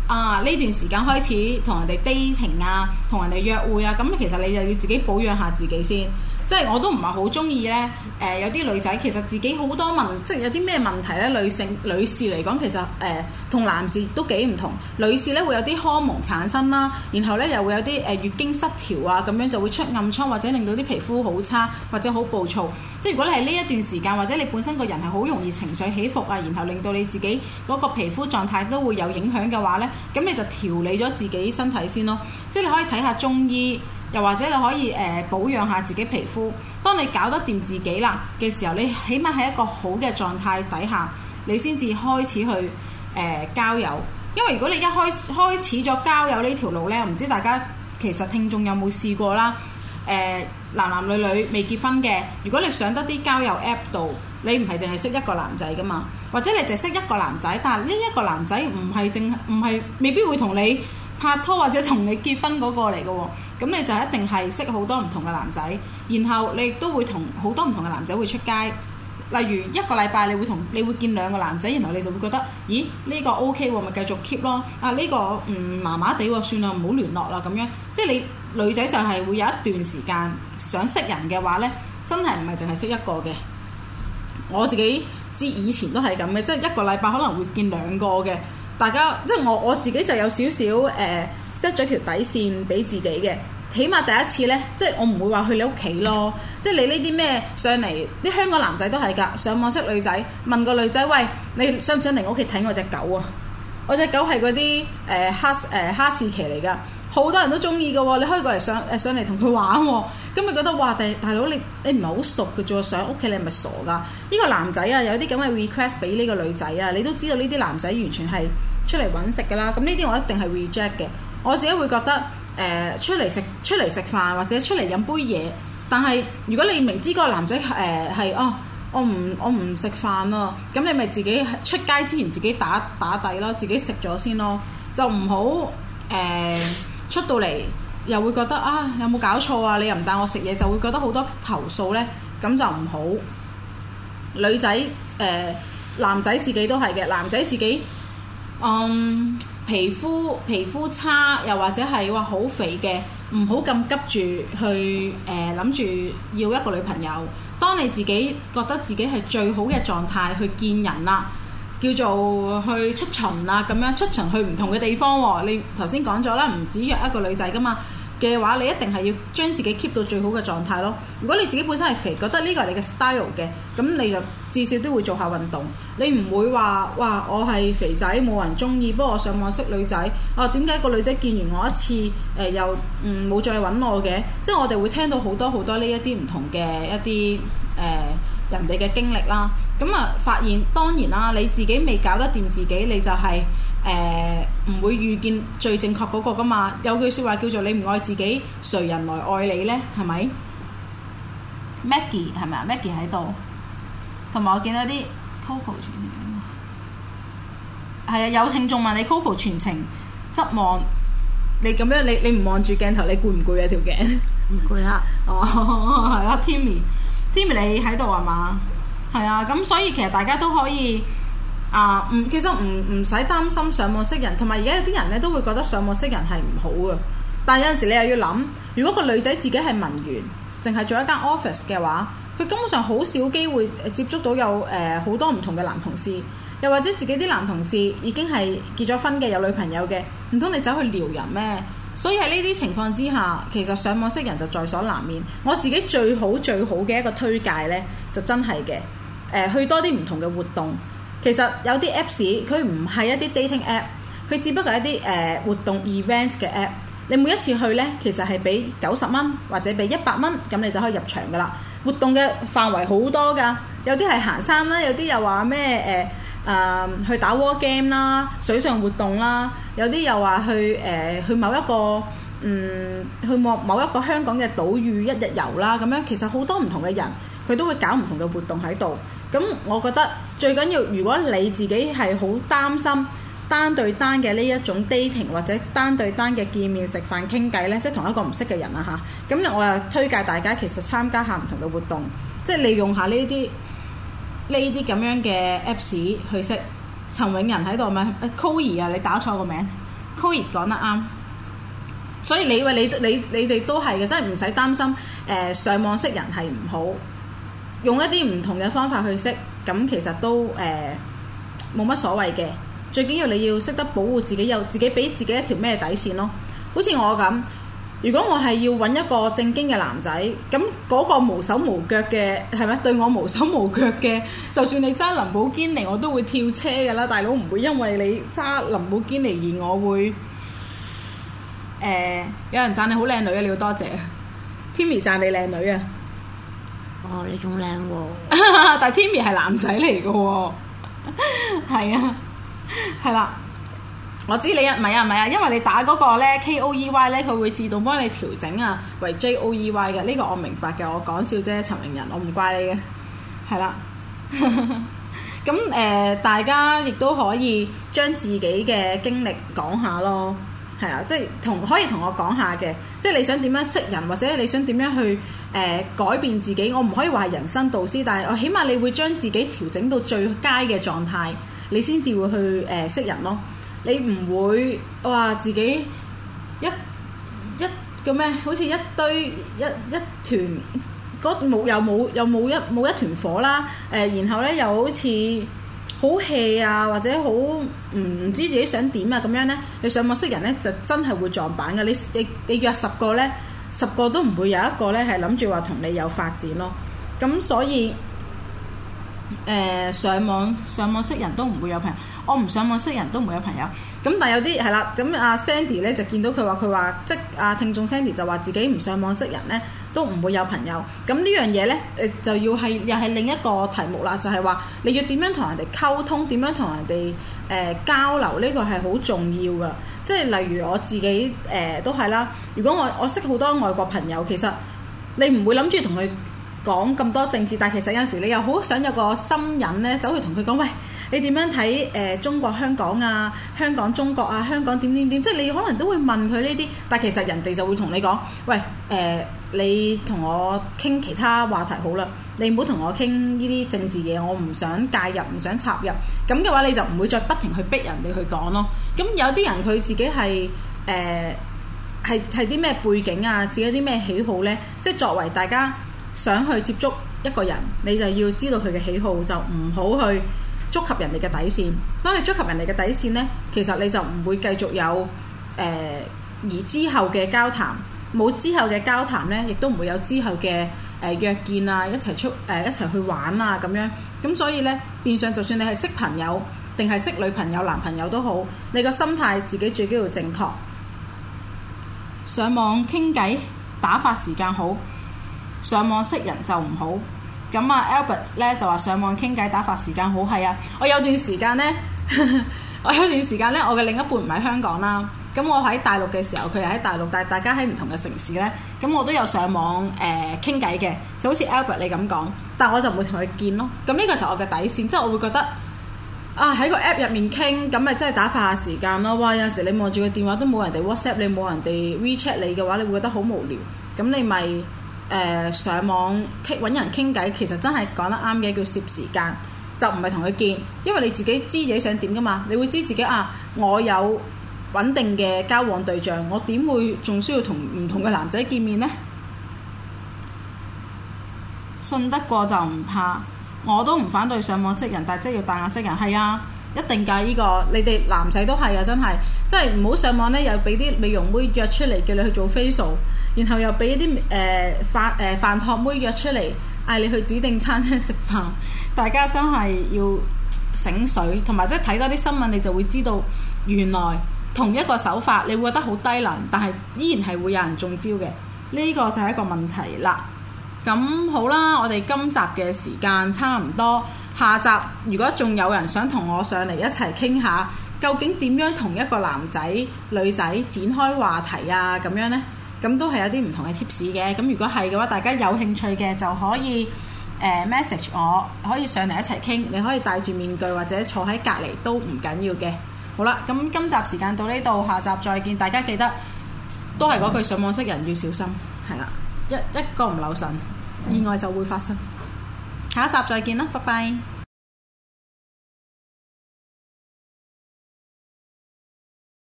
S1: 啊呢段時間開始同人哋 dating 啊，同人哋約會啊，咁、啊、其實你就要自己保養下自己先。即係我都唔係好中意呢。誒、呃、有啲女仔其實自己好多問，即係有啲咩問題呢？女性女士嚟講，其實誒同、呃、男士都幾唔同。女士呢會有啲荷蒙產生啦，然後呢又會有啲誒、呃、月經失調啊，咁樣就會出暗瘡或者令到啲皮膚好差或者好暴躁。即係如果你係呢一段時間，或者你本身個人係好容易情緒起伏啊，然後令到你自己嗰個皮膚狀態都會有影響嘅話呢，咁你就調理咗自己身體先咯。即係你可以睇下中醫。又或者你可以誒、呃、保養下自己皮膚，當你搞得掂自己啦嘅時候，你起碼喺一個好嘅狀態底下，你先至開始去誒、呃、交友。因為如果你一開開始咗交友呢條路呢，唔知大家其實聽眾有冇試過啦？誒、呃、男男女女未結婚嘅，如果你上得啲交友 App 度，你唔係淨係識一個男仔噶嘛，或者你淨係識一個男仔，但呢一個男仔唔係淨係唔係未必會同你。拍拖或者同你結婚嗰個嚟嘅喎，咁你就一定係識好多唔同嘅男仔，然後你亦都會同好多唔同嘅男仔會出街。例如一個禮拜你會同，你會見兩個男仔，然後你就會覺得，咦呢個 O K 喎，咪繼續 keep 咯。啊呢個嗯麻麻地喎，算啦，唔好聯絡啦咁樣。即係你女仔就係會有一段時間想識人嘅話呢，真係唔係淨係識一個嘅。我自己知以前都係咁嘅，即係一個禮拜可能會見兩個嘅。大家即係我我自己就有少少誒 set 咗條底線俾自己嘅，起碼第一次呢，即係我唔會話去你屋企咯。即係你呢啲咩上嚟，啲香港男仔都係㗎，上網識女仔，問個女仔：喂，你想唔想嚟我屋企睇我隻狗啊？我隻狗係嗰啲誒哈士奇嚟㗎，好多人都中意㗎喎。你可以過嚟上上嚟同佢玩喎、哦。咁你覺得哇，大佬你你唔係好熟㗎啫，上屋企你係咪傻㗎？呢、呢個男仔啊，有啲咁嘅 request 俾呢個女仔啊，你都知道呢啲男仔完全係。出嚟揾食噶啦，咁呢啲我一定係 reject 嘅。我自己會覺得誒、呃、出嚟食出嚟食飯或者出嚟飲杯嘢，但係如果你明知個男仔誒係哦，我唔我唔食飯咯，咁你咪自己出街之前自己打打底咯，自己食咗先咯，就唔好誒出到嚟又會覺得啊，有冇搞錯啊？你又唔帶我食嘢，就會覺得好多投訴呢。咁就唔好女仔誒、呃、男仔自己都係嘅，男仔自己。嗯，um, 皮膚皮膚差，又或者係話好肥嘅，唔好咁急住去呃諗住要一個女朋友。當你自己覺得自己係最好嘅狀態去見人啦，叫做去出巡啦，咁樣出巡去唔同嘅地方喎。你頭先講咗啦，唔止約一個女仔㗎嘛。嘅話，你一定係要將自己 keep 到最好嘅狀態咯。如果你自己本身係肥，覺得呢個係你嘅 style 嘅，咁你就至少都會做下運動。你唔會話哇，我係肥仔，冇人中意，不過我上網識女仔。哦、啊，點解個女仔見完我一次，誒、呃、又嗯冇再揾我嘅？即係我哋會聽到好多好多呢一啲唔同嘅一啲誒人哋嘅經歷啦。咁啊，發現當然啦、啊，你自己未搞得掂自己，你就係、是。誒，唔、欸、會遇見最正確嗰個噶嘛？有句說話叫做你唔愛自己，誰人來愛你呢？係咪？Maggie 係咪啊？Maggie 喺度，同埋我見到啲 Coco 全程，係啊！有聽眾問你 Coco 全程執望，你咁樣你你唔望住鏡頭，你攰唔攰啊條頸？唔攰啊！哦，係啊！Timmy，Timmy 你喺度啊嘛？係啊！咁、 啊啊、所以其實大家都可以。啊，唔，其實唔唔使擔心上網識人，同埋而家有啲人咧都會覺得上網識人係唔好嘅。但係有陣時你又要諗，如果個女仔自己係文員，淨係做一間 office 嘅話，佢根本上好少機會接觸到有誒好、呃、多唔同嘅男同事，又或者自己啲男同事已經係結咗婚嘅有女朋友嘅，唔通你走去撩人咩？所以喺呢啲情況之下，其實上網識人就在所難免。我自己最好最好嘅一個推介呢，就真係嘅、呃，去多啲唔同嘅活動。其實有啲 Apps 佢唔係一啲 dating App，佢只不過係一啲誒活動 event 嘅 App。你每一次去呢，其實係俾九十蚊或者俾一百蚊，咁你就可以入場噶啦。活動嘅範圍好多噶，有啲係行山啦，有啲又話咩誒啊去打 war game 啦，水上活動啦，有啲又話去誒去某一個嗯去某某一個香港嘅島嶼一日遊啦咁樣。其實好多唔同嘅人佢都會搞唔同嘅活動喺度。咁我覺得最緊要，如果你自己係好擔心單對單嘅呢一種 dating 或者單對單嘅見面食飯傾偈呢，即係同一個唔識嘅人啊吓。咁我啊推介大家其實參加下唔同嘅活動，即係利用下呢啲呢啲咁樣嘅 apps 去識陳永仁喺度咪？溝兒啊，你打錯個名，溝兒講得啱。所以你喂，你你你哋都係嘅，真係唔使擔心、呃、上網識人係唔好。用一啲唔同嘅方法去識，咁其實都誒冇乜所謂嘅。最緊要你要識得保護自己，有自己俾自己一條咩底線咯。好似我咁，如果我係要揾一個正經嘅男仔，咁嗰個無手無腳嘅，係咪對我無手無腳嘅？就算你揸林寶堅尼，我都會跳車噶啦。大佬，唔會因為你揸林寶堅尼而我會誒、呃、有人讚你好靚女啊，你要多謝。Timmy 讚你靚女啊！哦，你仲靚喎！ 但係 Timmy 係男仔嚟嘅喎，係 是啊，係 啦是、啊。 我知你啊，唔係啊，唔係啊，因為你打嗰個咧 K O E Y 咧，佢會自動幫你調整啊為 J O E Y 嘅，呢、這個我明白嘅，我講笑啫，陳明仁，我唔怪你嘅，係 啦是、啊。咁 誒、呃，大家亦都可以將自己嘅經歷講下咯。係啊，即係同可以同我講下嘅，即係你想點樣識人，或者你想點樣去誒、呃、改變自己。我唔可以話係人生導師，但係我起碼你會將自己調整到最佳嘅狀態，你先至會去誒、呃、識人咯。你唔會話自己一一叫咩？好似一堆一一團冇又冇又冇一冇一團火啦。誒、呃，然後咧又好似～好 hea 啊，或者好唔、嗯、知自己想點啊，咁樣呢，你上網識人呢，就真係會撞板嘅。你你你約十個呢，十個都唔會有一個呢，係諗住話同你有發展咯。咁所以，誒、呃、上網上網識人都唔會有朋友。我唔上網識人都唔會有朋友。咁但係有啲係啦，咁阿 Sandy 咧就見到佢話佢話，即阿聽眾 Sandy 就話自己唔上網識人咧，都唔會有朋友。咁呢樣嘢咧誒、就要係又係另一個題目啦，就係、是、話你要點樣同人哋溝通，點樣同人哋誒、呃、交流呢、呢個係好重要噶。即係例如我自己誒、呃、都係啦，如果我我識好多外國朋友，其實你唔會諗住同佢講咁多政治，但係其實有時你又好想有個心癮咧走去同佢講，喂。你點樣睇誒中國香港啊？香港中國啊？香港點點點？即係你可能都會問佢呢啲，但係其實人哋就會同你講：喂誒，你同我傾其他話題好啦，你唔好同我傾呢啲政治嘢，我唔想介入，唔想插入咁嘅話，你就唔會再不停去逼人哋去講咯。咁有啲人佢自己係誒係係啲咩背景啊？自己啲咩喜好呢？即係作為大家想去接觸一個人，你就要知道佢嘅喜好，就唔好去。觸及人哋嘅底線，當你觸及人哋嘅底線呢，其實你就唔會繼續有誒、呃、而之後嘅交談，冇之後嘅交談呢，亦都唔會有之後嘅誒約見啊，一齊出誒、呃、一齊去玩啊咁樣。咁所以呢，變相就算你係識朋友，定係識女朋友、男朋友都好，你個心態自己最緊要正確。上網傾偈打發時間好，上網識人就唔好。咁啊，Albert 咧就話上網傾偈打發時間好係啊！我有段時間呢， 我有段時間呢，我嘅另一半唔喺香港啦。咁我喺大陸嘅時候，佢又喺大陸，但係大家喺唔同嘅城市呢。咁我都有上網誒傾偈嘅，就好似 Albert 你咁講，但係我就唔會同佢見咯。咁呢個就我嘅底線，即係我會覺得啊，喺個 App 入面傾，咁咪即係打發下時間咯。哇！有時你望住個電話都冇人哋 WhatsApp 你，冇人哋 WeChat 你嘅話，你會覺得好無聊。咁你咪～誒上網傾，揾人傾偈，其實真係講得啱嘅，叫攝時間，就唔係同佢見，因為你自己知自己想點噶嘛，你會知自己啊，我有穩定嘅交往對象，我點會仲需要同唔同嘅男仔見面呢？信得過就唔怕，我都唔反對上網識人，但係真係要帶眼識人。係啊，一定噶呢個，你哋男仔都係啊，真係，即係唔好上網呢，又俾啲美容妹約出嚟叫你去做 facial。然後又俾啲誒飯誒、呃、飯托妹約出嚟，嗌你去指定餐廳食飯，大家真係要醒水，同埋即係睇多啲新聞，你就會知道原來同一個手法，你會覺得好低能，但係依然係會有人中招嘅。呢、呢個就係一個問題啦。咁好啦，我哋今集嘅時間差唔多，下集如果仲有人想同我上嚟一齊傾下，究竟點樣同一個男仔女仔展開話題啊？咁樣呢？咁都係有啲唔同嘅 tips 嘅，咁如果係嘅話，大家有興趣嘅就可以誒、呃、message 我，可以上嚟一齊傾。你可以戴住面具或者坐喺隔離都唔緊要嘅。好啦，咁今集時間到呢度，下集再見。大家記得都係嗰句上網識人要小心，係啦，一一個唔留神，意外就會發生。嗯、下一集再見啦，拜拜。